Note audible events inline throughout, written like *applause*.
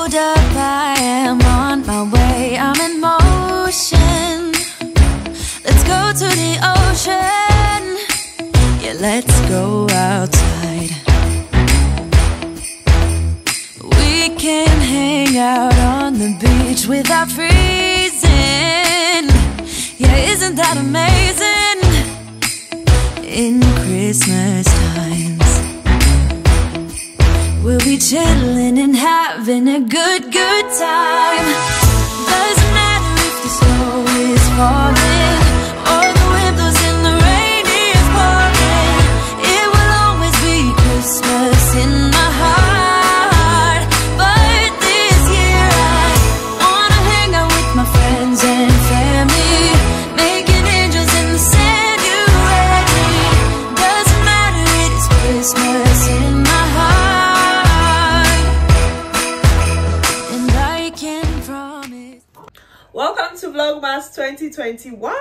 Hold up, I am on my way. I'm in motion. Let's go to the ocean. Yeah, let's go outside. We can hang out on the beach without freezing. Yeah, isn't that amazing? In Christmas chilling and having a good, good time Doesn't matter if the snow is falling 2021.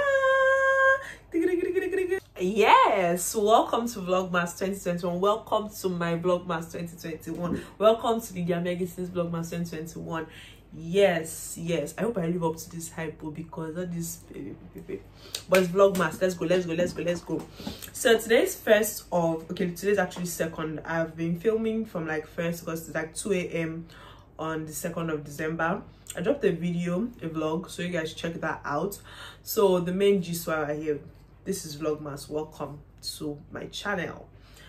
Yes, welcome to Vlogmas 2021. Welcome to my Vlogmas 2021. Welcome to Lydia Megasins Vlogmas 2021. Yes, yes. I hope I live up to this hype because of this. But it's Vlogmas. Let's go, let's go, let's go, let's go. So today's first of okay, today's actually second. I've been filming from like first because it's like 2 a.m. on the 2nd of December i dropped a video a vlog so you guys check that out so the main gist why I here this is vlogmas welcome to my channel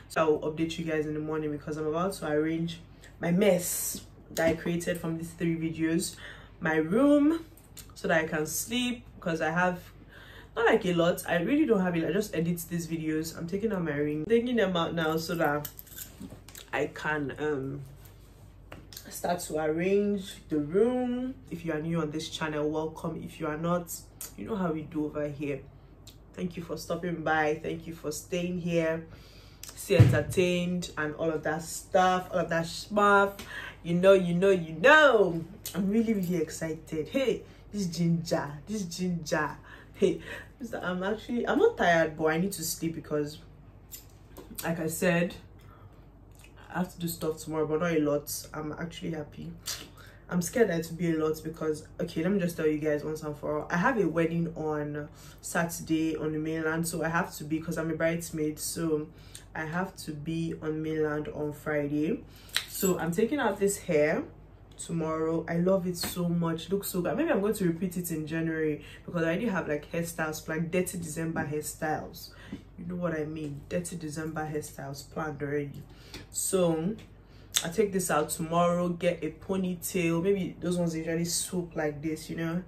so i'll update you guys in the morning because i'm about to arrange my mess that i created from these three videos my room so that i can sleep because i have not like a lot i really don't have it i just edit these videos i'm taking out my ring taking them out now so that i can um start to arrange the room if you are new on this channel welcome if you are not you know how we do over here thank you for stopping by thank you for staying here stay entertained and all of that stuff all of that stuff you know you know you know i'm really really excited hey this ginger this ginger hey i'm actually i'm not tired but i need to sleep because like i said i have to do stuff tomorrow but not a lot i'm actually happy i'm scared that it'll be a lot because okay let me just tell you guys once and for all i have a wedding on saturday on the mainland so i have to be because i'm a bridesmaid so i have to be on mainland on friday so i'm taking out this hair tomorrow i love it so much it looks so good maybe i'm going to repeat it in january because i already have like hairstyles like dirty december hairstyles you know what I mean dirty December hairstyles planned already so I take this out tomorrow get a ponytail maybe those ones usually swoop like this you know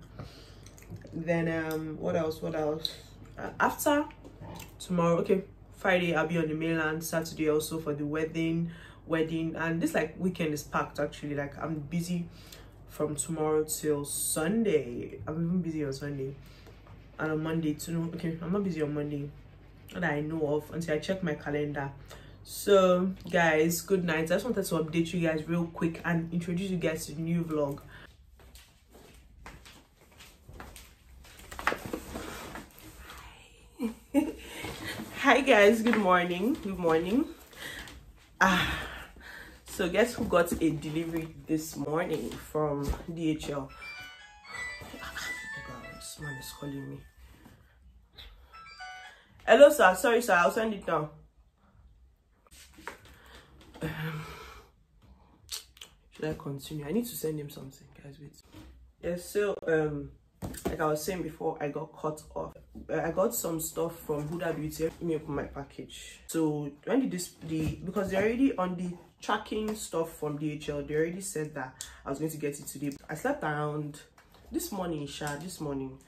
then um what else what else uh, after tomorrow okay Friday I'll be on the mainland Saturday also for the wedding wedding and this like weekend is packed actually like I'm busy from tomorrow till Sunday I'm even busy on Sunday and on Monday too okay I'm not busy on Monday that i know of until i check my calendar so guys good night i just wanted to update you guys real quick and introduce you guys to the new vlog hi *laughs* guys good morning good morning ah so guess who got a delivery this morning from dhl *sighs* oh God, this man is calling me Hello, sir. Sorry, sir. I'll send it down. Um, should I continue? I need to send him something, guys. Wait. Yes, so, um, like I was saying before, I got cut off. Uh, I got some stuff from Huda Beauty me up my package. So when did this the because they are already on the tracking stuff from DHL, they already said that I was going to get it today. I slept around this morning, Sha, this morning.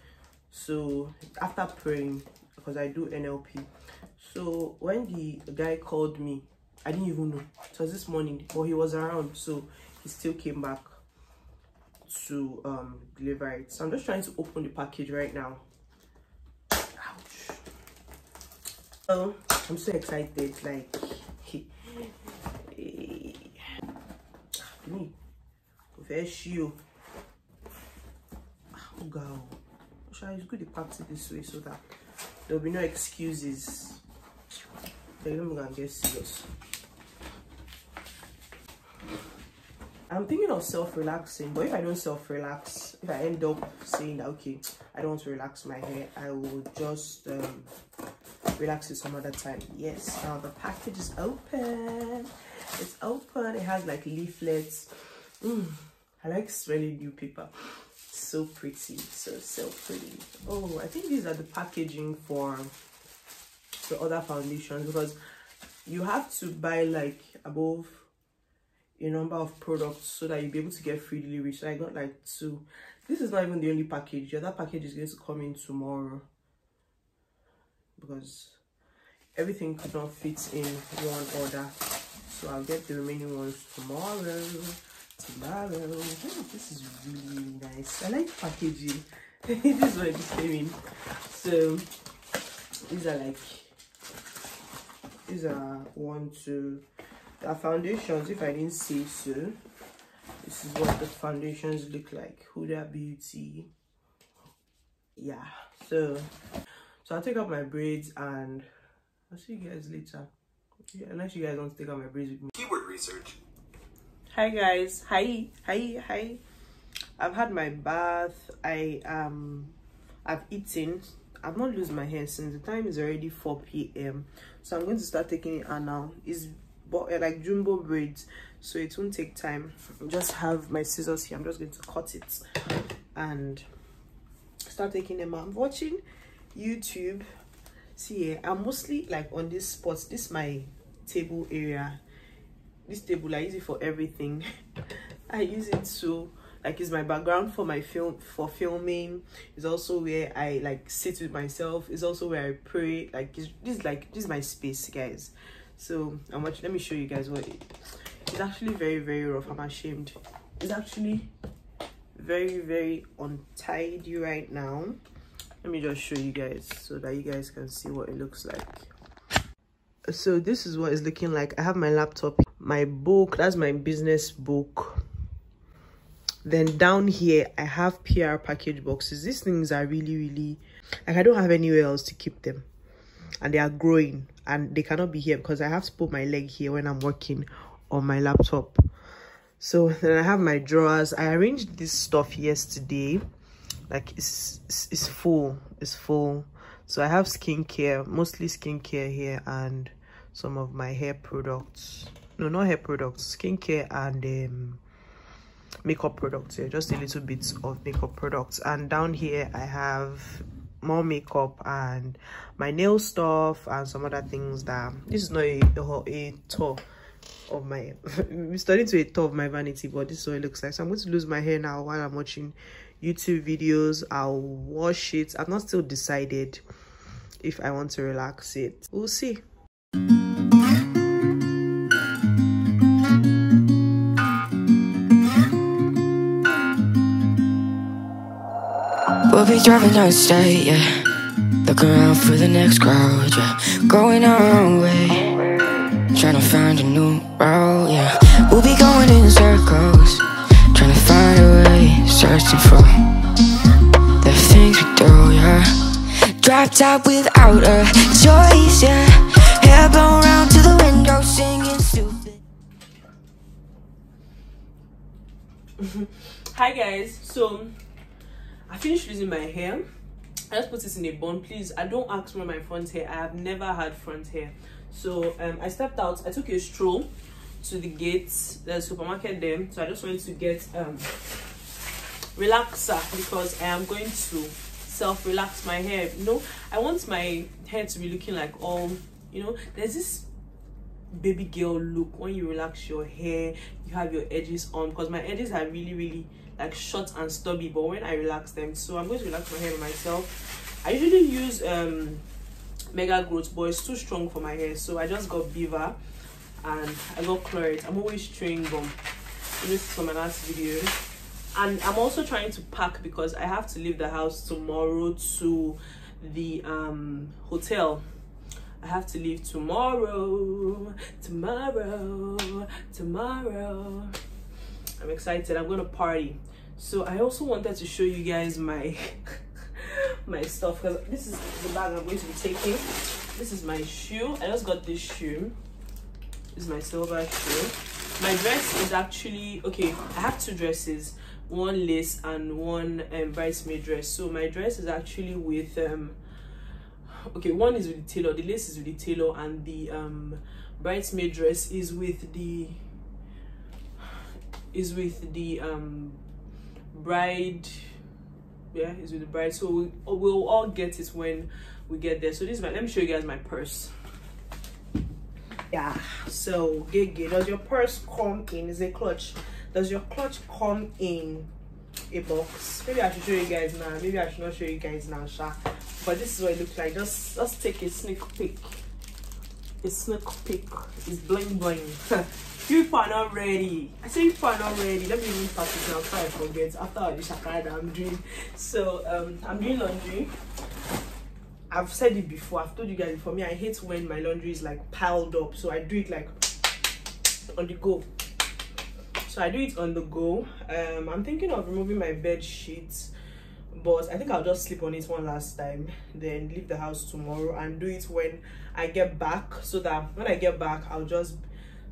So after praying, because I do NLP. So when the guy called me, I didn't even know. It was this morning, but he was around, so he still came back to um, deliver it. So I'm just trying to open the package right now. Ouch. Oh, I'm so excited, like *laughs* me. Confess you. Oh girl. Shall I go the party this way so that There'll be no excuses. let me go and get I'm thinking of self-relaxing, but if I don't self-relax, if I end up saying that, okay, I don't want to relax my hair, I will just um, relax it some other time. Yes, now the package is open. It's open. It has like leaflets. Mm, I like smelling new paper so pretty so so pretty oh i think these are the packaging for the other foundations because you have to buy like above a number of products so that you'll be able to get free delivery so i got like two this is not even the only package the other package is going to come in tomorrow because everything could not fit in one order so i'll get the remaining ones tomorrow tomorrow. Oh, this is really nice. I like packaging. *laughs* this is what this came in. So these are like these are one, two. The foundations, if I didn't say so, this is what the foundations look like. Huda Beauty. Yeah. So so I'll take out my braids and I'll see you guys later. Yeah, unless you guys want to take out my braids with me. Keyword research hi guys hi hi hi i've had my bath i um i've eaten i've not lost my hair since the time is already 4 p.m so i'm going to start taking it out now it's but eh, like jumbo braids so it won't take time I just have my scissors here i'm just going to cut it and start taking them out i'm watching youtube see yeah, i'm mostly like on this spot this my table area this table i use it for everything *laughs* i use it to like it's my background for my film for filming it's also where i like sit with myself it's also where i pray like this is like this is my space guys so i'm watching let me show you guys what it, it's actually very very rough i'm ashamed it's actually very very untidy right now let me just show you guys so that you guys can see what it looks like so this is what it's looking like i have my laptop my book that's my business book then down here i have pr package boxes these things are really really like i don't have anywhere else to keep them and they are growing and they cannot be here because i have to put my leg here when i'm working on my laptop so then i have my drawers i arranged this stuff yesterday like it's it's, it's full it's full so i have skincare mostly skincare here and some of my hair products no not hair products skincare and um, makeup products here yeah, just a little bit of makeup products and down here i have more makeup and my nail stuff and some other things that this is not a, a, a tour of my *laughs* it's starting to a tour of my vanity but this is what it looks like so i'm going to lose my hair now while i'm watching youtube videos i'll wash it i've not still decided if i want to relax it we'll see We'll be driving down the state, yeah. Looking around for the next crowd, yeah. Going our own way. Trying to find a new route, yeah. We'll be going in circles. Trying to find a way. Searching for the things we do, yeah. Dropped out without a choice, yeah. Hair blown round to the window, singing stupid. *laughs* Hi, guys. So. I finished losing my hair. I just put this in a bun. Please, I don't ask for my front hair. I have never had front hair. So um, I stepped out. I took a stroll to the gate, the supermarket there. So I just went to get um, relaxer because I am going to self relax my hair you know i want my hair to be looking like all you know there's this baby girl look when you relax your hair you have your edges on because my edges are really really like short and stubby but when i relax them so i'm going to relax my hair myself i usually use um mega growth but it's too strong for my hair so i just got beaver and i got chlorate i'm always chewing gum this is from my last video and i'm also trying to pack because i have to leave the house tomorrow to the um hotel i have to leave tomorrow tomorrow tomorrow I'm excited. I'm gonna party. So I also wanted to show you guys my *laughs* my stuff because this is the bag I'm going to be taking. This is my shoe. I just got this shoe. This is my silver shoe. My dress is actually okay. I have two dresses, one lace and one um, bridesmaid dress. So my dress is actually with um okay, one is with the tailor, the lace is with the tailor, and the um bridesmaid dress is with the is with the um bride yeah is with the bride so we, oh, we'll all get it when we get there so this is my let me show you guys my purse yeah so gigi does your purse come in is a clutch does your clutch come in a box maybe i should show you guys now maybe i should not show you guys now sha but this is what it looks like just us take a sneak peek a sneak peek it's bling bling *laughs* You fan already. I say you fan already. Let me read part it now before I forget. After all this that I'm doing. So um I'm doing laundry. I've said it before, I've told you guys before me, I hate when my laundry is like piled up. So I do it like on the go. So I do it on the go. Um I'm thinking of removing my bed sheets but i think i'll just sleep on it one last time then leave the house tomorrow and do it when i get back so that when i get back i'll just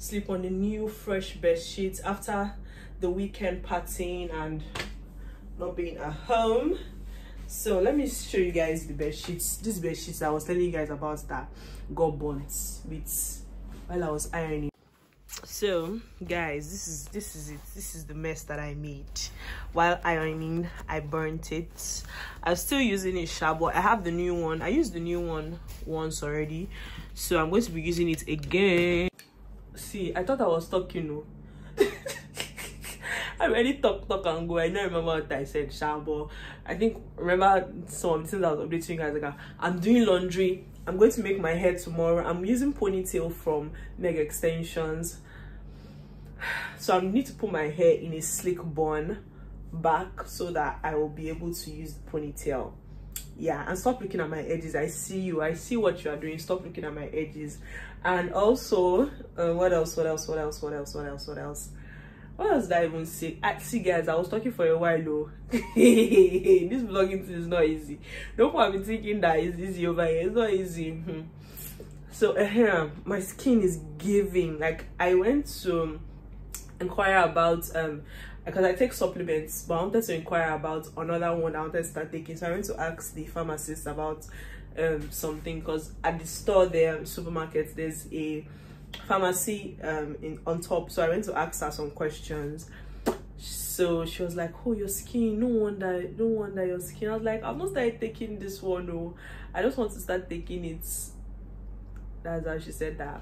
sleep on the new fresh bed sheets after the weekend partying and not being at home so let me show you guys the bed sheets these bed sheets i was telling you guys about that got burnt with while i was ironing so guys this is this is it this is the mess that i made while ironing i burnt it i'm still using it shabu. but i have the new one i used the new one once already so i'm going to be using it again see i thought i was talking no *laughs* I already talk, talk and go. I don't remember what I said, Sha, but I think remember some things I was updating you guys. Like, I'm doing laundry. I'm going to make my hair tomorrow. I'm using ponytail from Meg Extensions. *sighs* So I need to put my hair in a slick bun back so that I will be able to use the ponytail yeah and stop looking at my edges i see you i see what you are doing stop looking at my edges and also uh, what else what else what else what else what else what else what else did i even say I, see guys i was talking for a while though oh. *laughs* this vlogging thing is not easy don't want me thinking that it's easy over here it's not easy hmm. so uh, my skin is giving like i went to inquire about um because I take supplements, but I wanted to inquire about another one I wanted to start taking. So I went to ask the pharmacist about um, something because at the store there, um, supermarket, there's a pharmacy um, in on top. So I went to ask her some questions. So she was like, "Oh, your skin. No wonder. No wonder your skin." I was like, i am not started taking this one. No, oh. I just want to start taking it." That's how she said that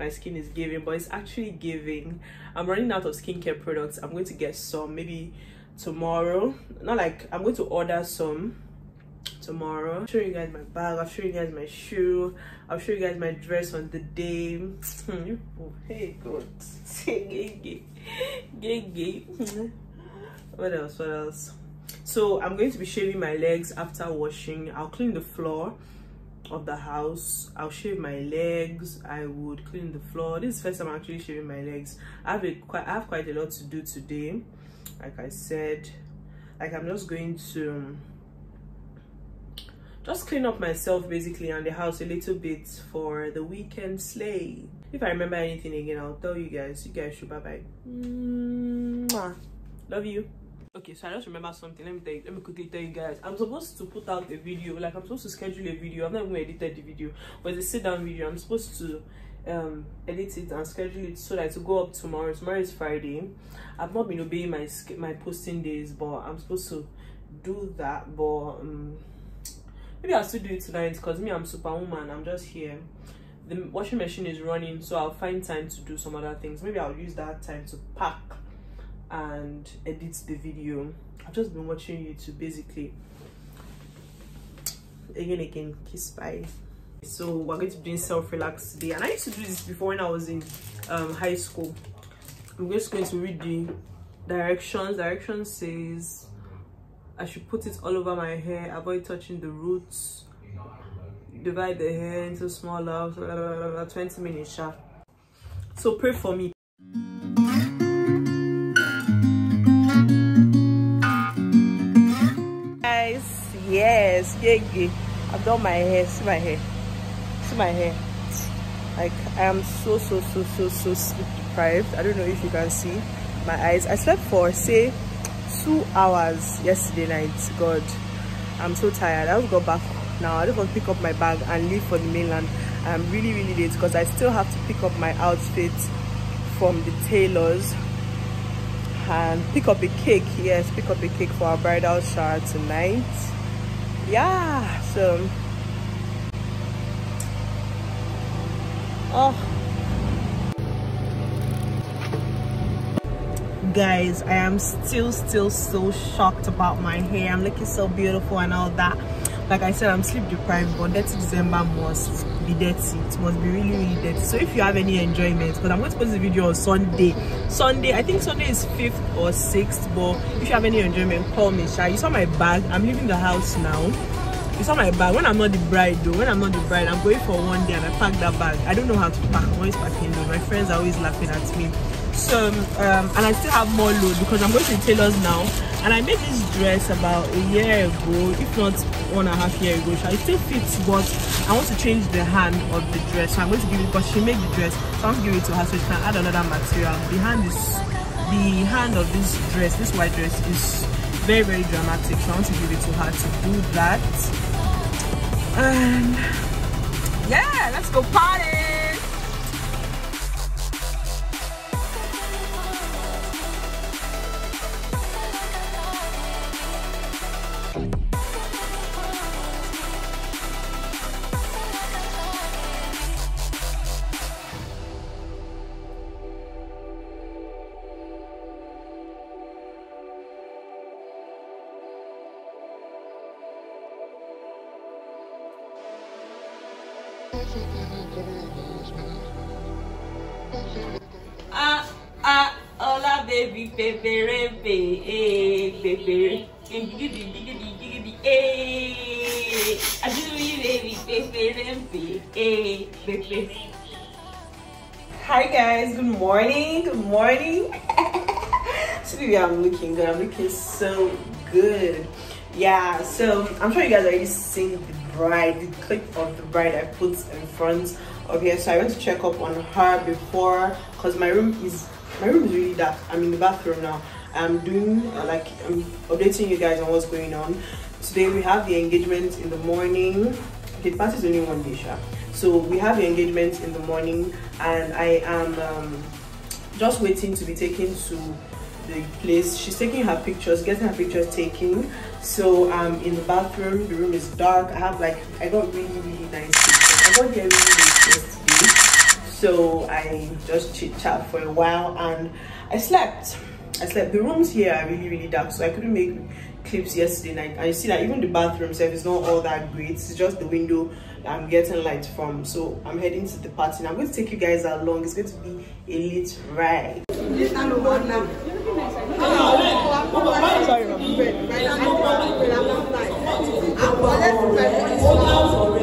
my skin is giving but it's actually giving i'm running out of skincare products i'm going to get some maybe tomorrow not like i'm going to order some tomorrow i'll show you guys my bag i'll show you guys my shoe i'll show you guys my dress on the day *tsk* hey god *laughs* *laughs* what else what else so i'm going to be shaving my legs after washing i'll clean the floor of the house i'll shave my legs i would clean the floor this is first time i'm actually shaving my legs i have a quite i have quite a lot to do today like i said like i'm just going to um, just clean up myself basically and the house a little bit for the weekend sleigh if i remember anything again i'll tell you guys you guys should bye bye love you okay so i just remember something let me tell you, let me quickly tell you guys i'm supposed to put out a video like i'm supposed to schedule a video i've not even edited the video but the a sit down video i'm supposed to um edit it and schedule it so that it will go up tomorrow tomorrow is friday i've not been obeying my my posting days but i'm supposed to do that but um, maybe i'll still do it tonight because me i'm superwoman i'm just here the washing machine is running so i'll find time to do some other things maybe i'll use that time to pack and edit the video i've just been watching youtube basically again again kiss bye so we're going to be doing self-relax today and i used to do this before when i was in um, high school i'm just going to read the directions direction says i should put it all over my hair avoid touching the roots divide the hair into smaller 20 minutes sharp so pray for me yege i've done my hair see my hair see my hair like i am so so so so so sleep deprived i don't know if you can see my eyes i slept for say two hours yesterday night god i'm so tired i just got back now i just want to pick up my bag and leave for the mainland i'm really really late because i still have to pick up my outfit from the tailors and pick up a cake yes pick up a cake for our bridal shower tonight yeah so oh guys i am still still so shocked about my hair i'm looking so beautiful and all that like i said i'm sleep deprived but that's december was be dirty it must be really really dirty so if you have any enjoyment because i'm going to post the video on sunday sunday i think sunday is fifth or sixth but if you have any enjoyment call me Shy. you saw my bag i'm leaving the house now you saw my bag when i'm not the bride though when i'm not the bride i'm going for one day and i pack that bag i don't know how to pack i'm always packing though my friends are always laughing at me so um, um and i still have more load because i'm going to tailors now and I made this dress about a year ago if not one and a half year ago so it still fits but I want to change the hand of the dress so I'm going to give it because she made the dress so I'm going to give it to her so she can add another material the hand is the hand of this dress this white dress is very very dramatic so I want to give it to her to do that and yeah let's go party Ah ah, Ola baby, peperempe, eh, pepere, giggity giggity giggity, eh. I do you baby, peperempe, eh, pepere. Hi guys, good morning, good morning. *laughs* Today I'm looking good. I'm looking so good. Yeah, so I'm sure you guys already seen the bride, the clip of the bride I put in front of here. So I went to check up on her before because my room is my room is really dark. I'm in the bathroom now. I'm doing uh, like I'm updating you guys on what's going on. Today we have the engagement in the morning. Okay, the party's only one day, sure. So we have the engagement in the morning, and I am um, just waiting to be taken to the place. She's taking her pictures, getting her pictures taken. So I'm um, in the bathroom. The room is dark. I have like, I got really, really nice pictures. I got here really yesterday. So I just chit chat for a while and I slept. I slept. The rooms here are really, really dark. So I couldn't make clips yesterday night. And you see that even the bathroom itself is not all that great. It's just the window I'm um, getting light from. So I'm heading to the party. And I'm going to take you guys along. It's going to be a lit ride. Sorry,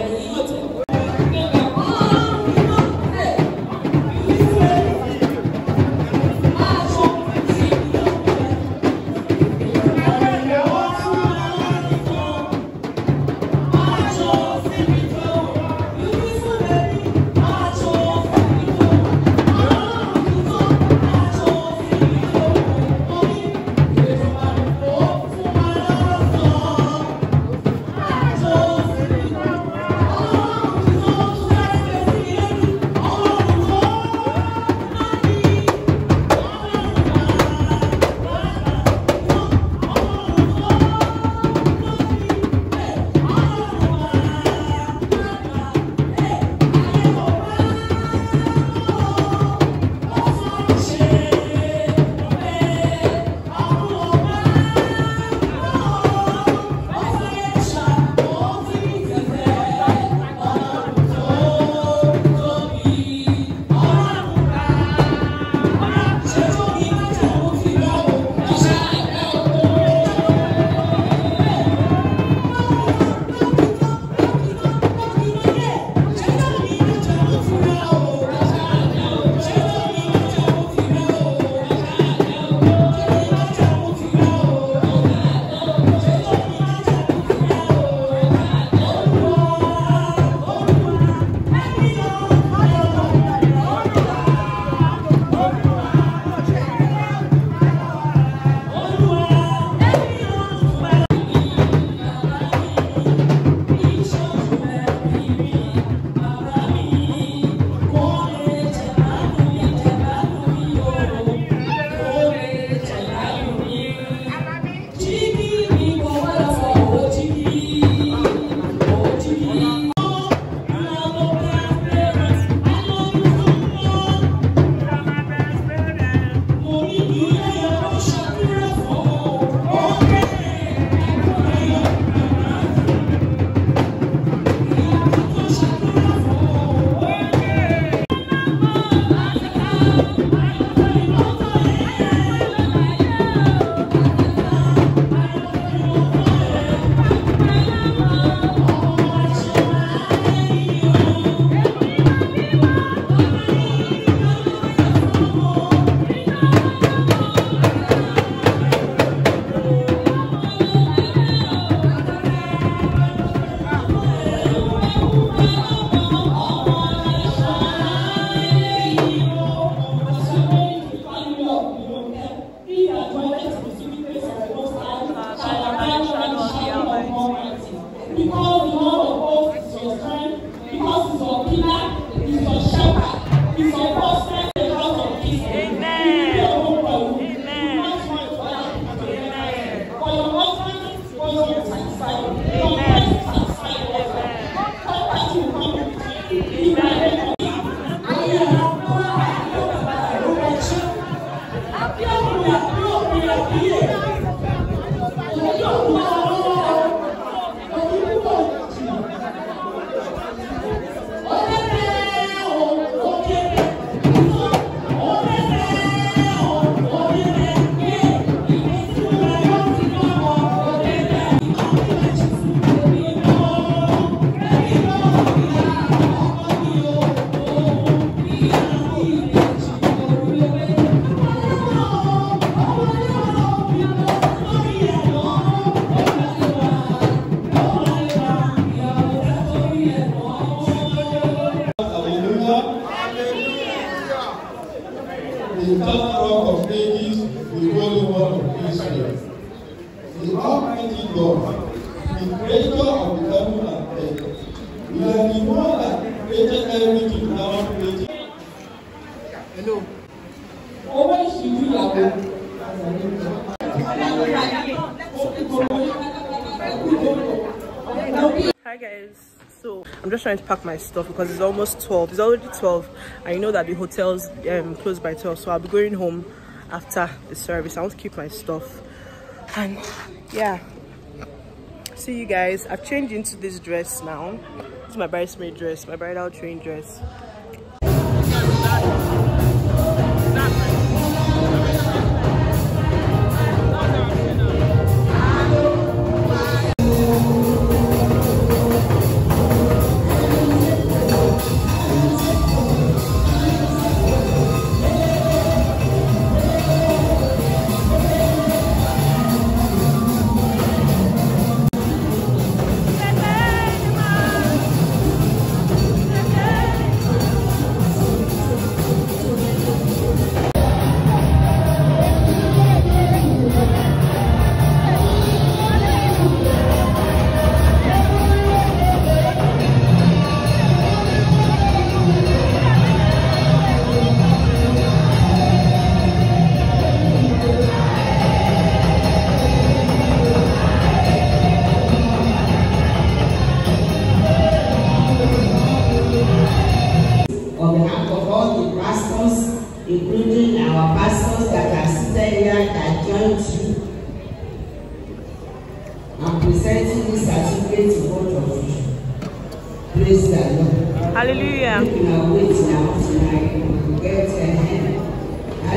Hi guys, so I'm just trying to pack my stuff because it's almost 12. It's already 12. I know that the hotel's um, closed by 12, so I'll be going home after the service. I want to keep my stuff. And yeah, see you guys. I've changed into this dress now. It's my bridesmaid dress, my bridal train dress.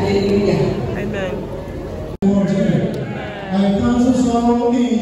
Hallelujah. Amen. Amen.